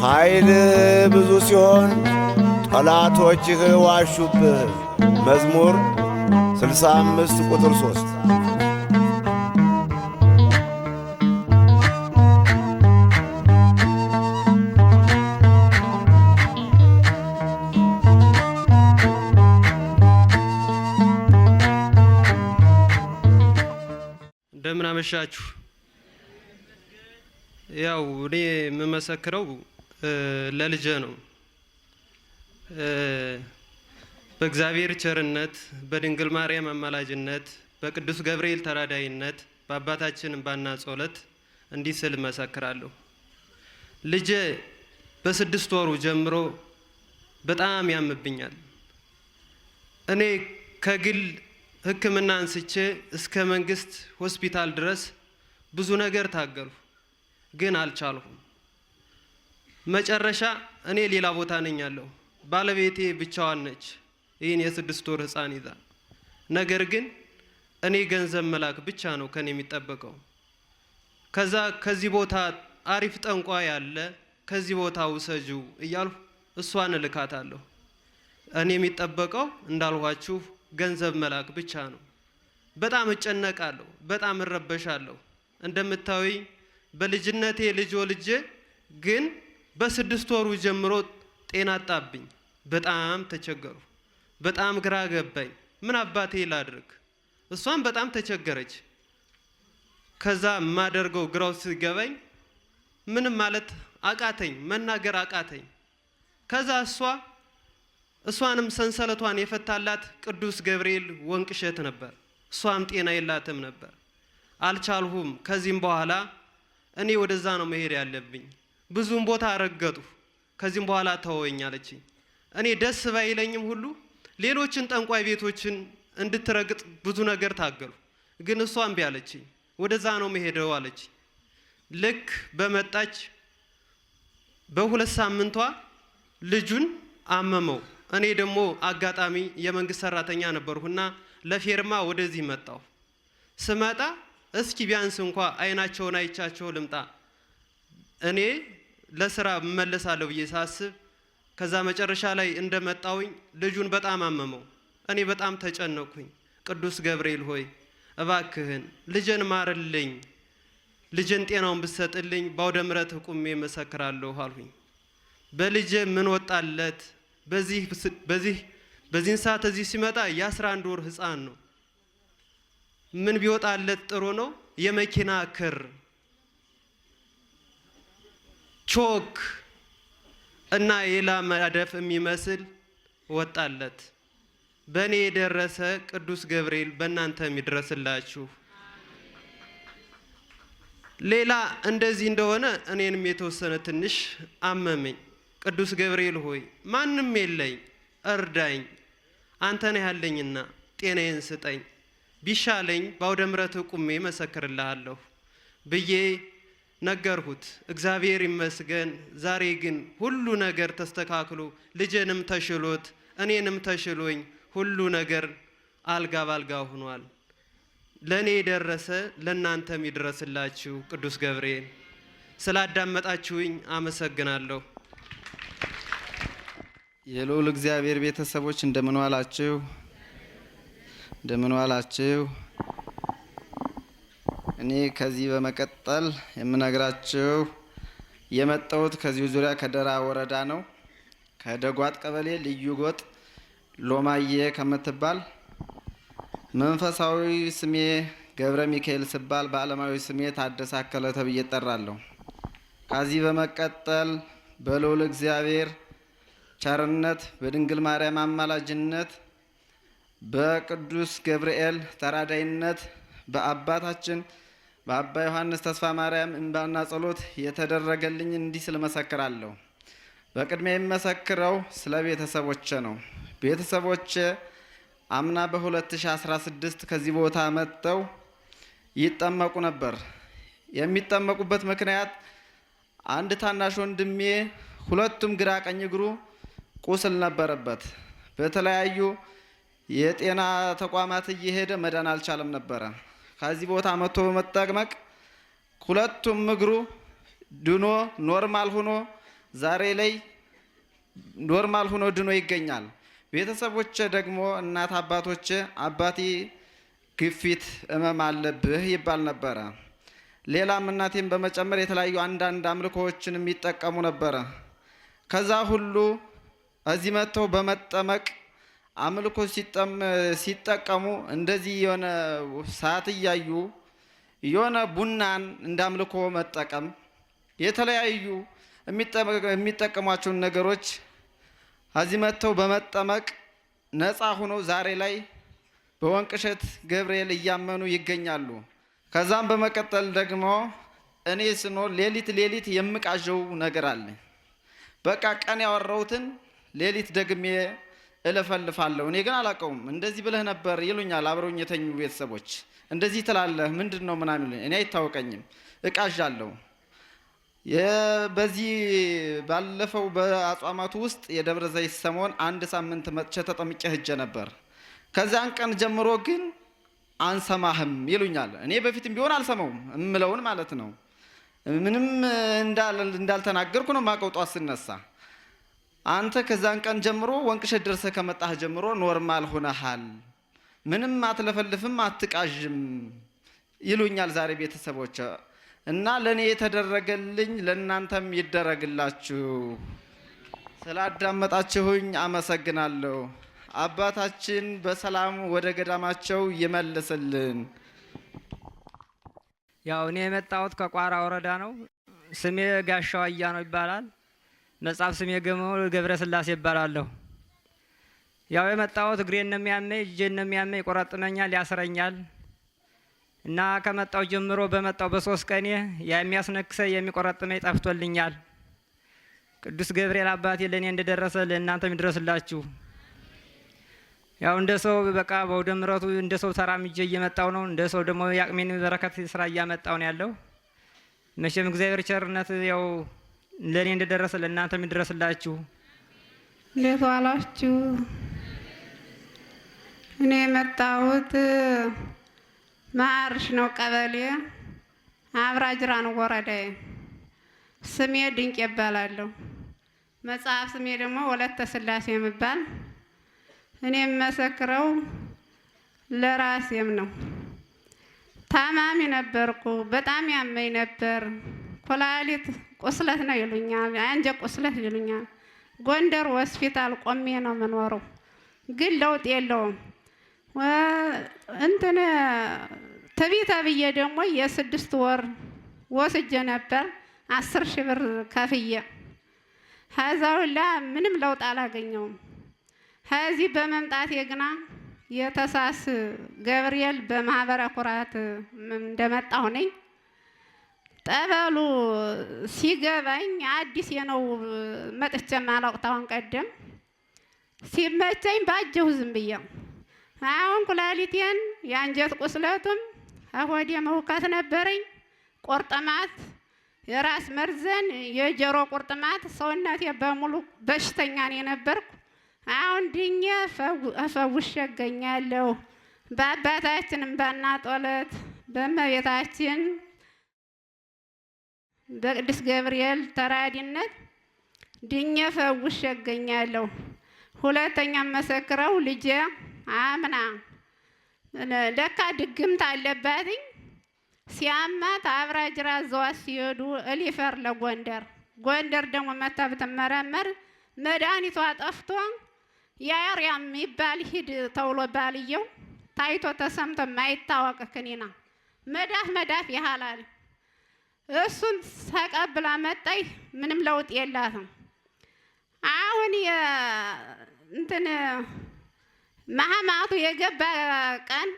ኃይል ብዙ ሲሆን ጠላቶችህ ዋሹብህ። መዝሙር 65 ቁጥር 3 እንደምን አመሻችሁ። ያው እኔ የምመሰክረው ለልጄ ነው። በእግዚአብሔር ቸርነት፣ በድንግል ማርያም አማላጅነት፣ በቅዱስ ገብርኤል ተራዳይነት፣ በአባታችን ባና ጸሎት እንዲህ ስል እመሰክራለሁ። ልጄ በስድስት ወሩ ጀምሮ በጣም ያምብኛል። እኔ ከግል ሕክምና አንስቼ እስከ መንግስት ሆስፒታል ድረስ ብዙ ነገር ታገልሁ። ግን አልቻልሁም። መጨረሻ እኔ ሌላ ቦታ ነኝ ያለው ባለቤቴ ብቻዋን ነች ይህን የስድስት ወር ህፃን ይዛ። ነገር ግን እኔ ገንዘብ መላክ ብቻ ነው ከኔ የሚጠበቀው። ከዛ ከዚህ ቦታ አሪፍ ጠንቋ ያለ ከዚህ ቦታ ውሰጁ እያልሁ እሷን እልካታለሁ። እኔ የሚጠበቀው እንዳልኋችሁ ገንዘብ መላክ ብቻ ነው። በጣም እጨነቃለሁ፣ በጣም እረበሻለሁ እንደምታዩኝ በልጅነቴ ልጅ ወልጄ ግን በስድስት ወሩ ጀምሮ ጤና አጣብኝ። በጣም ተቸገሩ። በጣም ግራ ገባኝ። ምን አባቴ ላድርግ? እሷም በጣም ተቸገረች። ከዛ የማደርገው ግራው ሲገባኝ ምንም ማለት አቃተኝ፣ መናገር አቃተኝ። ከዛ እሷ እሷንም ሰንሰለቷን የፈታላት ቅዱስ ገብርኤል ወንቅሸት ነበር። እሷም ጤና የላትም ነበር። አልቻልሁም። ከዚህም በኋላ እኔ ወደዛ ነው መሄድ ያለብኝ። ብዙም ቦታ ረገጡ። ከዚህም በኋላ ተወኝ አለችኝ። እኔ ደስ ባይለኝም ሁሉ ሌሎችን ጠንቋይ ቤቶችን እንድትረግጥ ብዙ ነገር ታገሉ። ግን እሷ እምቢ አለችኝ። ወደዛ ነው መሄደው አለችኝ። ልክ በመጣች በሁለት ሳምንቷ ልጁን አመመው። እኔ ደግሞ አጋጣሚ የመንግስት ሰራተኛ ነበርሁና ለፌርማ ወደዚህ መጣሁ። ስመጣ እስኪ ቢያንስ እንኳ አይናቸውን አይቻቸው ልምጣ። እኔ ለስራ እመለሳለሁ ብዬ ሳስብ ከዛ መጨረሻ ላይ እንደመጣውኝ ልጁን በጣም አመመው። እኔ በጣም ተጨነቅኩኝ። ቅዱስ ገብርኤል ሆይ እባክህን ልጅን ማርልኝ፣ ልጅን ጤናውን ብትሰጥልኝ በአውደ ምረት ቁሜ መሰክራለሁ አልሁኝ። በልጄ ምን ወጣለት? በዚህ በዚህን ሰዓት እዚህ ሲመጣ የአስራ አንድ ወር ህፃን ነው። ምን ቢወጣለት ጥሩ ነው? የመኪና ክር፣ ቾክ እና ሌላ መዳፍ የሚመስል ወጣለት። በእኔ የደረሰ ቅዱስ ገብርኤል በእናንተም ይድረስላችሁ። ሌላ እንደዚህ እንደሆነ እኔንም የተወሰነ ትንሽ አመመኝ። ቅዱስ ገብርኤል ሆይ ማንም የለኝ፣ እርዳኝ፣ አንተ ነህ ያለኝና ጤናዬን ስጠኝ። ቢሻለኝ በአውደ ምረት ቁሜ መሰክርልሃለሁ ብዬ ነገርሁት። እግዚአብሔር ይመስገን። ዛሬ ግን ሁሉ ነገር ተስተካክሎ ልጅንም ተሽሎት እኔንም ተሽሎኝ ሁሉ ነገር አልጋ ባልጋ ሆኗል። ለእኔ የደረሰ ለእናንተም ይድረስላችሁ። ቅዱስ ገብርኤል ስላዳመጣችሁኝ አመሰግናለሁ። የልዑል እግዚአብሔር ቤተሰቦች እንደምን ዋላችሁ? እንደምን ዋላችሁ። እኔ ከዚህ በመቀጠል የምነግራችሁ የመጣሁት ከዚሁ ዙሪያ ከደራ ወረዳ ነው። ከደጓት ቀበሌ ልዩ ጎጥ ሎማዬ ከምትባል መንፈሳዊ ስሜ ገብረ ሚካኤል ስባል በዓለማዊ ስሜ ታደሳከለ ተብዬ እጠራለሁ። ከዚህ በመቀጠል በልዑል እግዚአብሔር ቸርነት በድንግል ማርያም አማላጅነት በቅዱስ ገብርኤል ተራዳይነት በአባታችን በአባ ዮሐንስ ተስፋ ማርያም እንባና ጸሎት የተደረገልኝ እንዲህ ስል መሰክራለሁ። በቅድሚያ የመሰክረው ስለ ቤተሰቦቼ ነው። ቤተሰቦቼ አምና በ2016 ከዚህ ቦታ መጥተው ይጠመቁ ነበር። የሚጠመቁበት ምክንያት አንድ ታናሽ ወንድሜ ሁለቱም ግራ ቀኝ እግሩ ቁስል ነበረበት። በተለያዩ የጤና ተቋማት እየሄደ መዳን አልቻለም ነበረ። ከዚህ ቦታ መጥቶ በመጠመቅ ሁለቱም እግሩ ድኖ ኖርማል ሆኖ ዛሬ ላይ ኖርማል ሆኖ ድኖ ይገኛል። ቤተሰቦቼ ደግሞ እናት አባቶቼ አባቴ ግፊት እመም አለብህ ይባል ነበረ። ሌላም እናቴም በመጨመር የተለያዩ አንዳንድ አምልኮዎችን የሚጠቀሙ ነበረ። ከዛ ሁሉ እዚህ መጥተው በመጠመቅ አምልኮ ሲጠቀሙ እንደዚህ የሆነ ሰዓት እያዩ የሆነ ቡናን እንደ አምልኮ መጠቀም የተለያዩ የሚጠቀሟቸውን ነገሮች እዚህ መጥተው በመጠመቅ ነፃ ሆኖ ዛሬ ላይ በወንቅሸት ገብርኤል እያመኑ ይገኛሉ። ከዛም በመቀጠል ደግሞ እኔ ስኖ ሌሊት ሌሊት የምቃዠው ነገር አለ። በቃ ቀን ያወራሁትን ሌሊት ደግሜ እለፈልፋለሁ እኔ ግን አላውቀውም። እንደዚህ ብለህ ነበር ይሉኛል አብረውኝ የተኙ ቤተሰቦች። እንደዚህ ትላለህ ምንድን ነው ምናምን ይሉኝ። እኔ አይታወቀኝም እቃዣለሁ። በዚህ ባለፈው በአጽዋማቱ ውስጥ የደብረ ዘይት ሰሞን አንድ ሳምንት መጥቼ ተጠምቄ ሄጄ ነበር። ከዚያን ቀን ጀምሮ ግን አንሰማህም ይሉኛል። እኔ በፊትም ቢሆን አልሰማውም እምለውን ማለት ነው። ምንም እንዳልተናገርኩ ነው ማቀውጧ ስነሳ አንተ ከዛን ቀን ጀምሮ ወንቅሸት ደርሰ ከመጣህ ጀምሮ ኖርማል ሆነሃል፣ ምንም አትለፈልፍም፣ አትቃዥም ይሉኛል ዛሬ ቤተሰቦች እና ለእኔ የተደረገልኝ ለእናንተም ይደረግላችሁ። ስላዳመጣችሁኝ አመሰግናለሁ። አባታችን በሰላም ወደ ገዳማቸው ይመልስልን። ያው እኔ የመጣሁት ከቋራ ወረዳ ነው። ስሜ ጋሻው አያ ነው ይባላል። መጽሐፍ ስሜ ገብረ ስላሴ ይባላለሁ። ያው የመጣሁት እግሬን ነው የሚያመኝ፣ እጄን ነው የሚያመኝ፣ ይቆረጥመኛል፣ ያስረኛል እና ከመጣው ጀምሮ በመጣው በሶስት ቀኔ የሚያስነክሰ የሚቆረጥመኝ ጠፍቶልኛል። ቅዱስ ገብርኤል አባቴ ለእኔ እንደደረሰ ለእናንተም ይድረስላችሁ። ያው እንደ ሰው በቃ በአውደ ምረቱ እንደ ሰው ተራምጄ እየመጣው ነው። እንደ ሰው ደግሞ የአቅሜን በረከት ስራ እያመጣው ነው ያለው። መቼም እግዚአብሔር ቸርነት ያው ለእኔ እንደደረሰ ለእናንተ የሚደረስላችሁ። እንዴት ዋላችሁ? እኔ የመጣሁት ማርሽ ነው ቀበሌ አብራጅራ ነው ወረዳዬ። ስሜ ድንቅ ይባላለሁ። መጽሐፍ ስሜ ደግሞ ወለተ ስላሴ የሚባል እኔ የምመሰክረው ለራሴም ነው። ታማሚ ነበርኩ። በጣም ያመኝ ነበር ኩላሊት ቁስለት ነው ይሉኛል፣ አንጀ ቁስለት ይሉኛል። ጎንደር ሆስፒታል ቆሜ ነው የምኖረው፣ ግን ለውጥ የለውም። እንትን ትቢት ብዬ ደግሞ የስድስት ወር ወስጄ ነበር አስር ሺህ ብር ከፍዬ ሀዛውላ ምንም ለውጥ አላገኘውም። ከዚህ በመምጣቴ ግና የተሳስ ገብርኤል በማህበረ ኩራት እንደመጣሁ ነኝ ጠበሉ ሲገባኝ አዲስ የነው መጥቼ ማላውቅ ቀደም ሲመቸኝ ባጀሁ ዝም ብዬ አሁን ኩላሊቴን የአንጀት ቁስለቱም አሆዴ መውካት ነበረኝ፣ ቁርጥማት፣ የራስ መርዘን፣ የጆሮ ቁርጥማት ሰውነቴ በሙሉ በሽተኛ ነው የነበርኩ። አሁን ድኜ አፈውሽ እገኛለሁ። በአባታችንም ባና ጦለት በእመቤታችን በቅዱስ ገብርኤል ተራዲነት ድኜ ፈውሼ እገኛለሁ። ሁለተኛ መሰክረው ልጄ አምና ለካ ድግምት አለባትኝ ሲያማት አብራ ጅራ ዘዋት ሲሄዱ እሊፈር ለጎንደር ጎንደር ደግሞ መታ ብትመረመር መድኃኒቷ ጠፍቶ ያርያ የሚባል ሂድ ተውሎ ባልየው ታይቶ ተሰምቶ ማይታወቅ ክኒና መዳፍ መዳፍ ያህላል እሱን ተቀብላ መጣይ ምንም ለውጥ የላትም። አሁን እንትን ማህማቱ የገባ ቀን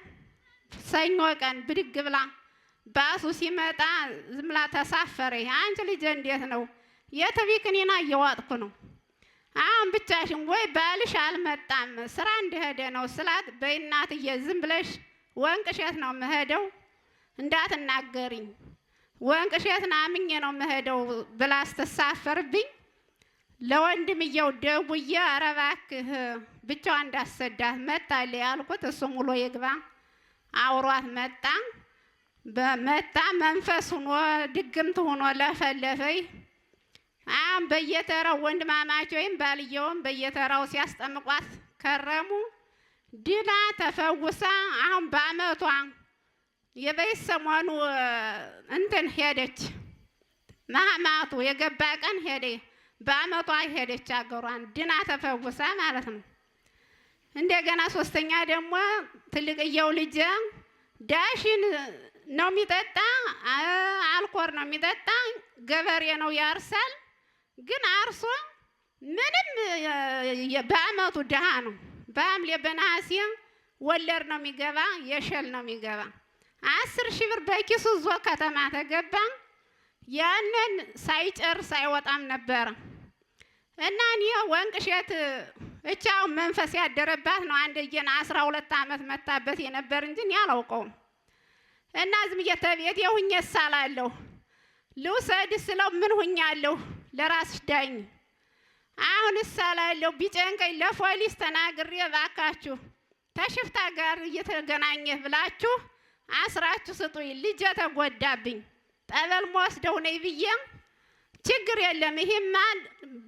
ሰኞ ቀን ብድግ ብላ ባሱ ሲመጣ ዝምላ ተሳፈረ። አንቺ ልጅ እንዴት ነው የተቢክኔና እየዋጥኩ ነው አሁን ብቻሽን ወይ ባልሽ አልመጣም ስራ እንደሄደ ነው ስላት፣ በይ ዝም ብለሽ ወንቅ እሸት ነው የምሄደው እንዳትናገሪኝ ወንቅሼት ናምኜ ነው መሄደው ብላ ስትሳፈርብኝ ለወንድምየው ደውዬ ኧረ እባክህ ብቻዋን እንዳሰዳት መጣ ያልኩት እሱም ውሎ ይግባ አውሯት መጣ። በመጣ መንፈስ ሆኖ ድግምት ሆኖ ለፈለፈይ አም በየተራው ወንድማማች ወይም ባልየውም በየተራው ሲያስጠምቋት ከረሙ። ድላ ተፈውሳ አሁን በአመቷ የበይ ሰሞኑ እንትን ሄደች ማህማቱ የገባ ቀን ሄደ በአመቷ ሄደች አገሯን ድና ተፈውሳ ማለት ነው። እንደገና ሶስተኛ ደግሞ ትልቅየው ልጅ ዳሽን ነው የሚጠጣ፣ አልኮር ነው የሚጠጣ፣ ገበሬ ነው ያርሳል። ግን አርሶ ምንም በአመቱ ድሃ ነው። በአምሌ በነሐሴ ወለድ ነው የሚገባ፣ የሸል ነው የሚገባ አስር ሺህ ብር በኪሱ ዞ ከተማ ተገባ። ያንን ሳይጨርስ አይወጣም ነበረ እና እኔ ወንቅ እሸት እቻው መንፈስ ያደረባት ነው። አንድ አንደየን አስራ ሁለት ዓመት መታበት የነበር እንጂ እኔ አላውቀውም። እና ዝም እየተቤት የሁኜ ሳላለሁ ልውሰድ ስለው ምን ሁኛለሁ ለራስሽ ዳኝ አሁን እሳላለሁ ቢጨንቀኝ ለፖሊስ ተናግሬ ባካችሁ ተሽፍታ ጋር እየተገናኘ ብላችሁ አስራችሁ ስጡኝ። ልጄ ተጎዳብኝ ጠበል መወስደው ነይ ብዬም ችግር የለም ይሄማ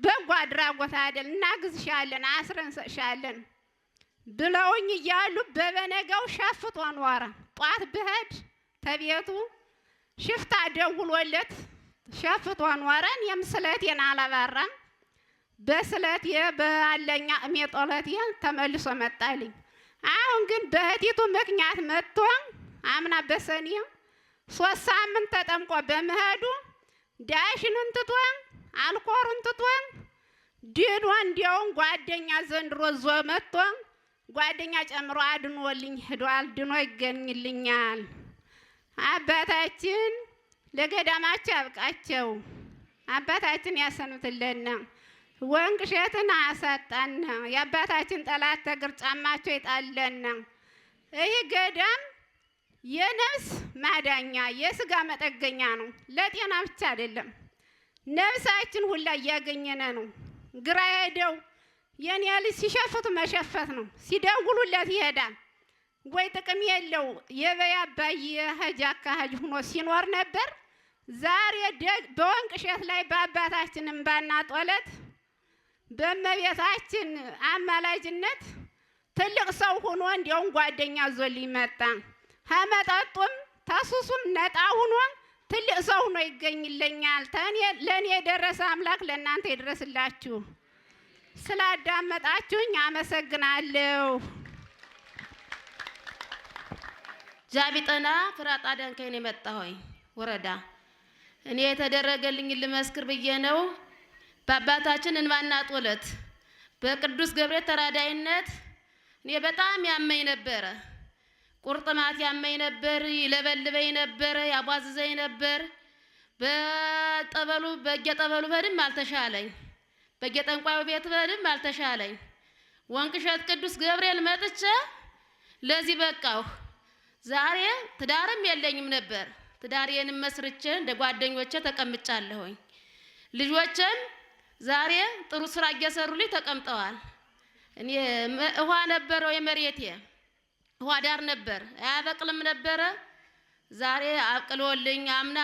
በጎ አድራጎት አይደል እናግዝሻለን፣ አስረን ሰጥሻለን ብለውኝ እያሉ በበነጋው ሸፍጦ ኖረ። ጧት ብሄድ ተቤቱ ሽፍታ ደውሎለት ሸፍጦ ኖረ። እኔም ስለቴን አላባራም በስለቴ በአለኛ እሜ ሜጦለቴ ተመልሶ መጣልኝ። አሁን ግን በእህቲቱ ምክንያት መጥቶ አምና በሰኔ ሶስት ሳምንት ተጠምቆ በመሄዱ ዳሽንን ትቶን አልኮሩን ትቶን ድኖ እንዲያውም ጓደኛ ዘንድሮ ዞ መጥቶ ጓደኛ ጨምሮ አድኖልኝ ሄዷል። ድኖ ይገኝልኛል። አባታችን ለገዳማቸው ያብቃቸው። አባታችን ያሰኑትለን። ወንቅ እሸትን አሳጣን። የአባታችን ጠላት ተግር ጫማቸው ይጣለን። ይህ ገዳም የነፍስ ማዳኛ የስጋ መጠገኛ ነው። ለጤና ብቻ አይደለም፣ ነፍሳችን ሁላ እያገኘነ ነው። ግራ ሄደው የኔ ልጅ ሲሸፍቱ መሸፈት ነው። ሲደውሉለት ይሄዳል ወይ ጥቅም የለው። የበያ አባዬ ሀጅ አካሀጅ ሁኖ ሲኖር ነበር። ዛሬ በወንቅ እሸት ላይ በአባታችን እምባና ጦለት በእመቤታችን አማላጅነት ትልቅ ሰው ሆኖ እንዲያውም ጓደኛ ዞልኝ መጣ። ከመጠጡም ተሱሱም ነጣ ሁኖ ትልቅ ሰው ሁኖ ይገኝልኛል። ለእኔ የደረሰ አምላክ ለእናንተ ይድረስላችሁ። ስላዳመጣችሁኝ አመሰግናለሁ። ጃቢጠና ፍራጣ ዳንከይን የመጣ ሆይ ወረዳ እኔ የተደረገልኝ ልመስክር ብዬ ነው። በአባታችን እንባና ጸሎት በቅዱስ ገብርኤል ተራዳይነት እኔ በጣም ያመኝ ነበረ። ቁርጥማት ያመኝ ነበር፣ ይለበልበኝ ነበር፣ ያቧዝዘኝ ነበር። በጠበሉ በጌጠበሉ በድም አልተሻለኝ፣ በጌጠንቋዩ ቤት በድም አልተሻለኝ። ወንቅሸት ቅዱስ ገብርኤል መጥቼ ለዚህ በቃሁ። ዛሬ ትዳርም የለኝም ነበር። ትዳሬንም መስርቼ እንደ ጓደኞቼ ተቀምጫለሁኝ። ልጆቼም ዛሬ ጥሩ ስራ እየሰሩልኝ ተቀምጠዋል። እኔ ውሃ ነበረው የመሬቴ ዋዳር ነበር አያበቅልም ነበረ። ዛሬ አብቅሎልኝ አምና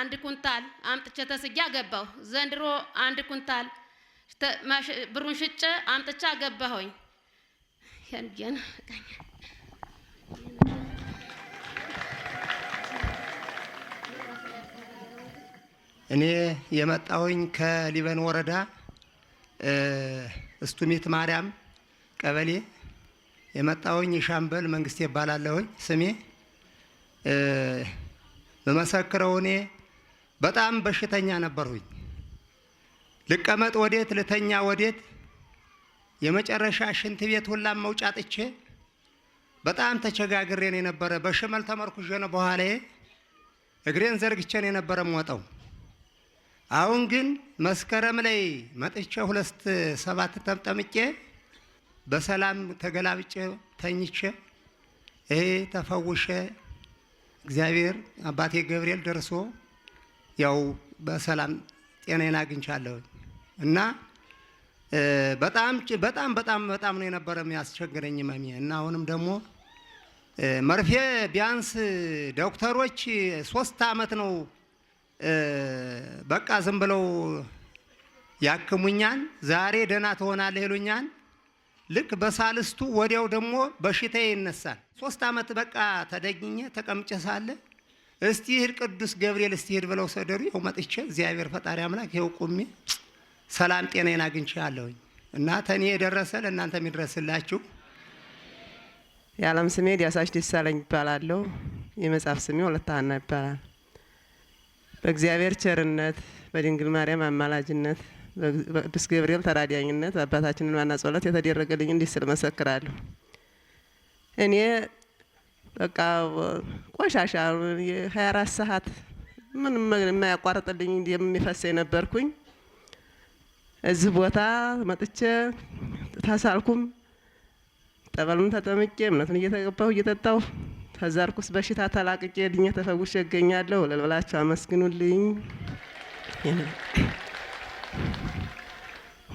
አንድ ኩንታል አምጥቼ ተስጌ አገባሁ። ዘንድሮ አንድ ኩንታል ብሩን ሽጬ አምጥቼ አገባሁኝ። እኔ የመጣሁኝ ከሊበን ወረዳ እስቱሜት ማርያም ቀበሌ የመጣውኝ ሻምበል መንግስት ይባላለሁኝ ስሜ። በመሰክረው እኔ በጣም በሽተኛ ነበርሁኝ። ልቀመጥ ወዴት ልተኛ ወዴት የመጨረሻ ሽንት ቤት ሁላም መውጫ ጥቼ በጣም ተቸጋግሬ ነው የነበረ። በሽመል ተመርኩዤ ነው በኋላ እግሬን ዘርግቼ ነው የነበረ የምወጣው። አሁን ግን መስከረም ላይ መጥቼ ሁለት ሰባት ተጠምጠምቄ በሰላም ተገላብጨ ተኝቼ ይሄ ተፈውሸ እግዚአብሔር አባቴ ገብርኤል ደርሶ ያው በሰላም ጤናዬን አግኝቻለሁ እና በጣም በጣም በጣም በጣም ነው የነበረ የሚያስቸግረኝ መሚ እና አሁንም ደግሞ መርፌ ቢያንስ ዶክተሮች ሶስት አመት ነው በቃ ዝም ብለው ያክሙኛን ዛሬ ደህና ትሆናለህ ይሉኛን ልክ በሳልስቱ ወዲያው ደግሞ በሽታ ይነሳል። ሶስት ዓመት በቃ ተደግኘ ተቀምጨ ሳለ እስቲ ሂድ ቅዱስ ገብርኤል እስቲ ሂድ ብለው ሰደሩ። ይኸው መጥቼ እግዚአብሔር ፈጣሪ አምላክ ይኸው ቁሜ ሰላም ጤናዬን አግኝቻለሁኝ እና ተኔ የደረሰ ለእናንተ የሚደረስላችሁ። የዓለም ስሜ ዲያሳሽ ደሳለኝ ይባላለሁ። የመጽሐፍ ስሜ ወለተ ሐና ይባላል። በእግዚአብሔር ቸርነት በድንግል ማርያም አማላጅነት በቅዱስ ገብርኤል ተራዳኝነት አባታችንን ዋና ጸሎት የተደረገልኝ እንዲህ ስል መሰክራለሁ። እኔ በቃ ቆሻሻ የሀያ አራት ሰዓት ምንም የማያቋርጥልኝ የሚፈሰ የነበርኩኝ እዚህ ቦታ መጥቼ ተሳልኩም ጠበሉን ተጠምቄ እምነቱን እየተገባሁ እየጠጣሁ ተዛርኩስ በሽታ ተላቅቄ ድኜ ተፈውሼ እገኛለሁ። ለልበላቸው አመስግኑልኝ።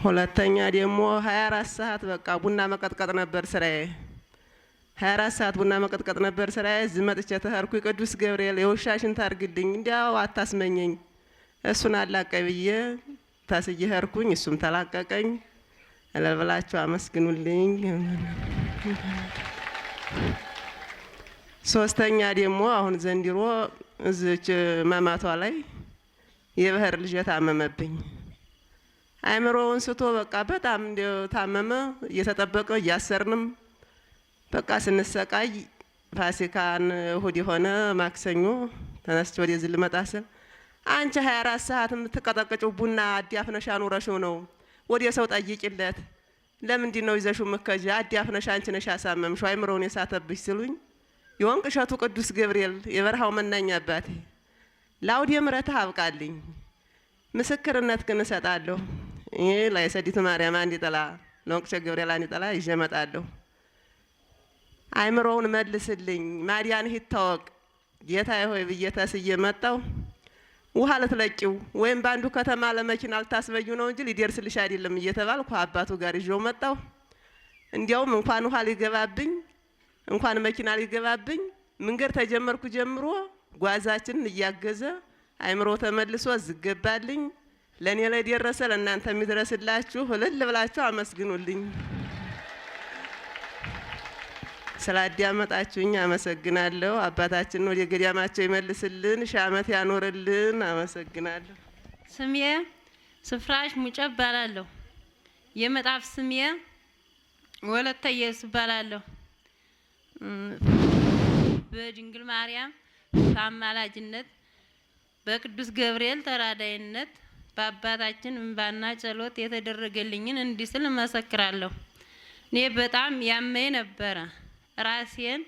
ሁለተኛ ደግሞ ሀያ አራት ሰዓት በቃ ቡና መቀጥቀጥ ነበር ስራዬ። ሀያ አራት ሰዓት ቡና መቀጥቀጥ ነበር ስራዬ። እዚህ መጥቼ ተኸርኩ ቅዱስ ገብርኤል የውሻሽን ታርግልኝ እንዲያው አታስመኘኝ፣ እሱን አላቀ ብዬ ታስዬ ኸርኩኝ። እሱም ተላቀቀኝ። እለብላችሁ አመስግኑልኝ። ሶስተኛ ደግሞ አሁን ዘንድሮ እዚች መማቷ ላይ የባህር ልጅ ታመመብኝ። አእምሮውን ስቶ በቃ በጣም ታመመ። እየተጠበቀ እያሰርንም በቃ ስንሰቃይ ፋሲካን እሁድ የሆነ ማክሰኞ ተነስቼ ወደዚህ ልመጣ ስል አንቺ ሀያ አራት ሰዓት የምትቀጠቅጭው ቡና አዲያፍነሻ አኑረሽው ነው። ወደ ሰው ጠይቂለት ለምንድን ነው ይዘሹ ምከጅ? አዲያፍነሻ አንቺ ነሽ ያሳመምሽው አእምሮውን የሳተብሽ ስሉኝ የወንቅ እሸቱ ቅዱስ ገብርኤል የበረሃው መናኛ አባቴ ለአውዴ ምሕረትህ አብቃልኝ ምስክርነት ግን እሰጣለሁ። ይሄ ላይሰዲቱ ማርያም አንድ ጥላ ለወንቅሸት ገብርኤል አንድ ጥላ ይዤ እመጣለሁ። አይምሮውን መልስልኝ ማዲያንህ ይታወቅ ጌታዬ ሆይ ብዬ ተስዬ መጣሁ። ውሃ ልትለቂው ወይም በአንዱ ከተማ ለመኪና ልታስበዩ ነው እንጂ ሊደርስልሽ አይደለም እየተባልኩ አባቱ ጋር ይዤው መጣሁ። እንዲያውም እንኳን ውሃ ሊገባብኝ እንኳን መኪና ሊገባብኝ መንገድ ተጀመርኩ ጀምሮ ጓዛችንን እያገዘ አይምሮ ተመልሶ ዝገባልኝ ለእኔ ላይ ደረሰ፣ ለእናንተ የሚድረስላችሁ እልል ብላችሁ አመስግኑልኝ። ስላዳመጣችሁኝ አመሰግናለሁ። አባታችን ወደ ገዳማቸው ይመልስልን፣ ሺህ ዓመት ያኖርልን። አመሰግናለሁ። ስሜ ስፍራሽ ሙጨ እባላለሁ። የመጣፍ ስሜ ወለተ ኢየሱስ እባላለሁ። በድንግል ማርያም አማላጅነት በቅዱስ ገብርኤል ተራዳይነት በአባታችን እንባና ጸሎት የተደረገልኝን እንዲህ ስል እመሰክራለሁ። እኔ በጣም ያመኝ ነበረ። ራሴን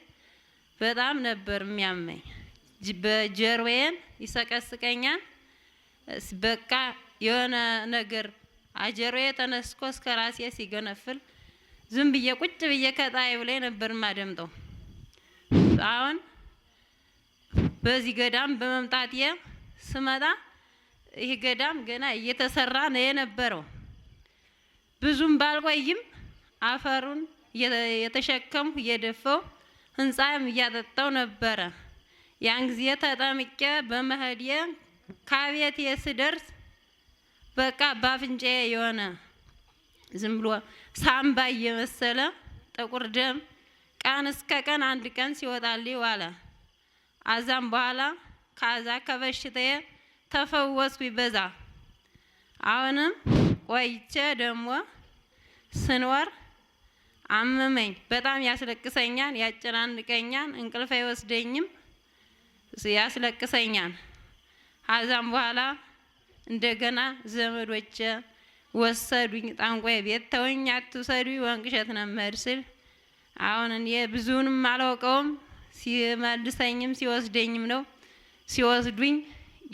በጣም ነበር የሚያመኝ። በጀርባዬን ይሰቀስቀኛል። በቃ የሆነ ነገር አጀሮዬ ተነስኮ እስከ ራሴ ሲገነፍል ዝም ብዬ ቁጭ ብዬ ከጣይ ብላይ ነበር ማደምጠው። አሁን በዚህ ገዳም በመምጣት ስመጣ ይህ ገዳም ገና እየተሰራ ነው የነበረው። ብዙም ባልቆይም አፈሩን የተሸከሙ እየደፈው ህንፃም እያጠጣው ነበረ። ያን ጊዜ ተጠምቄ በመሄዴ ከቤቴ ስደርስ በቃ በአፍንጫዬ የሆነ ዝም ብሎ ሳምባ እየመሰለ ጥቁር ደም ቀን እስከ ቀን አንድ ቀን ሲወጣልኝ ዋለ። አዛም በኋላ ከዛ ከበሽታዬ ተፈወስኩ ይበዛ። አሁንም ቆይቼ ደግሞ ስንወር አመመኝ። በጣም ያስለቅሰኛል፣ ያጨናንቀኛል፣ እንቅልፍ አይወስደኝም፣ ያስለቅሰኛል። አዛም በኋላ እንደገና ዘመዶቼ ወሰዱኝ። ጣንቋይ ቤት ተወኝ፣ አትውሰዱኝ፣ ወንቅሸት ነመድ ስል አሁን እኔ ብዙውንም አላውቀውም። ሲመልሰኝም ሲወስደኝም ነው ሲወስዱኝ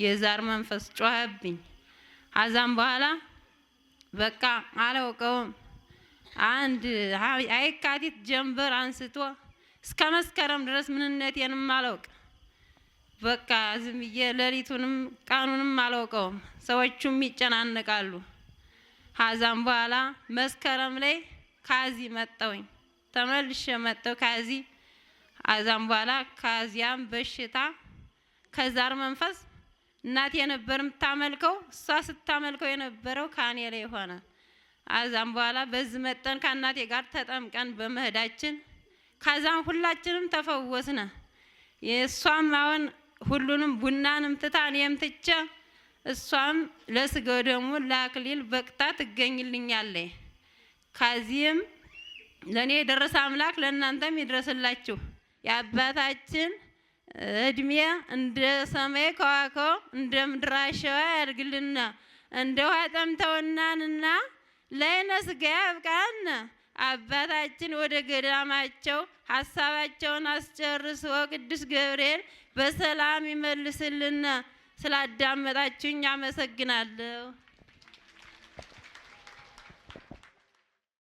የዛር መንፈስ ጮኸብኝ። አዛም በኋላ በቃ አላውቀውም። አንድ አይካቲት ጀንበር አንስቶ እስከ መስከረም ድረስ ምንነቴንም አላውቅ በቃ ዝም ብዬ ሌሊቱንም ቀኑንም አላውቀውም። ሰዎቹም ይጨናነቃሉ። ሀዛም በኋላ መስከረም ላይ ካዚ መጠውኝ ተመልሼ መጠው ካዚ አዛም በኋላ ካዚያም በሽታ ከዛር መንፈስ እናቴ የነበር የምታመልከው። እሷ ስታመልከው የነበረው ካኔ ላይ ሆነ። አዛም በኋላ በዚህ መጠን ከእናቴ ጋር ተጠምቀን በመሄዳችን ከዛም ሁላችንም ተፈወስነ። የእሷም አሁን ሁሉንም ቡናንም ትታ እኔም ትቼ እሷም ለስጋው ደግሞ ለአክሊል በቅታ ትገኝልኛለች። ከዚህም ለእኔ የደረሰ አምላክ ለእናንተም ይድረስላችሁ የአባታችን እድሜ እንደ ሰማይ ከዋከው እንደ ምድር አሸዋ ያድርግልና እንደ ውሃ ጠምተውናንና ለዓይነ ሥጋ ያብቃን። አባታችን ወደ ገዳማቸው ሀሳባቸውን አስጨርሶ ቅዱስ ገብርኤል በሰላም ይመልስልና። ስላዳመጣችሁኝ አመሰግናለሁ።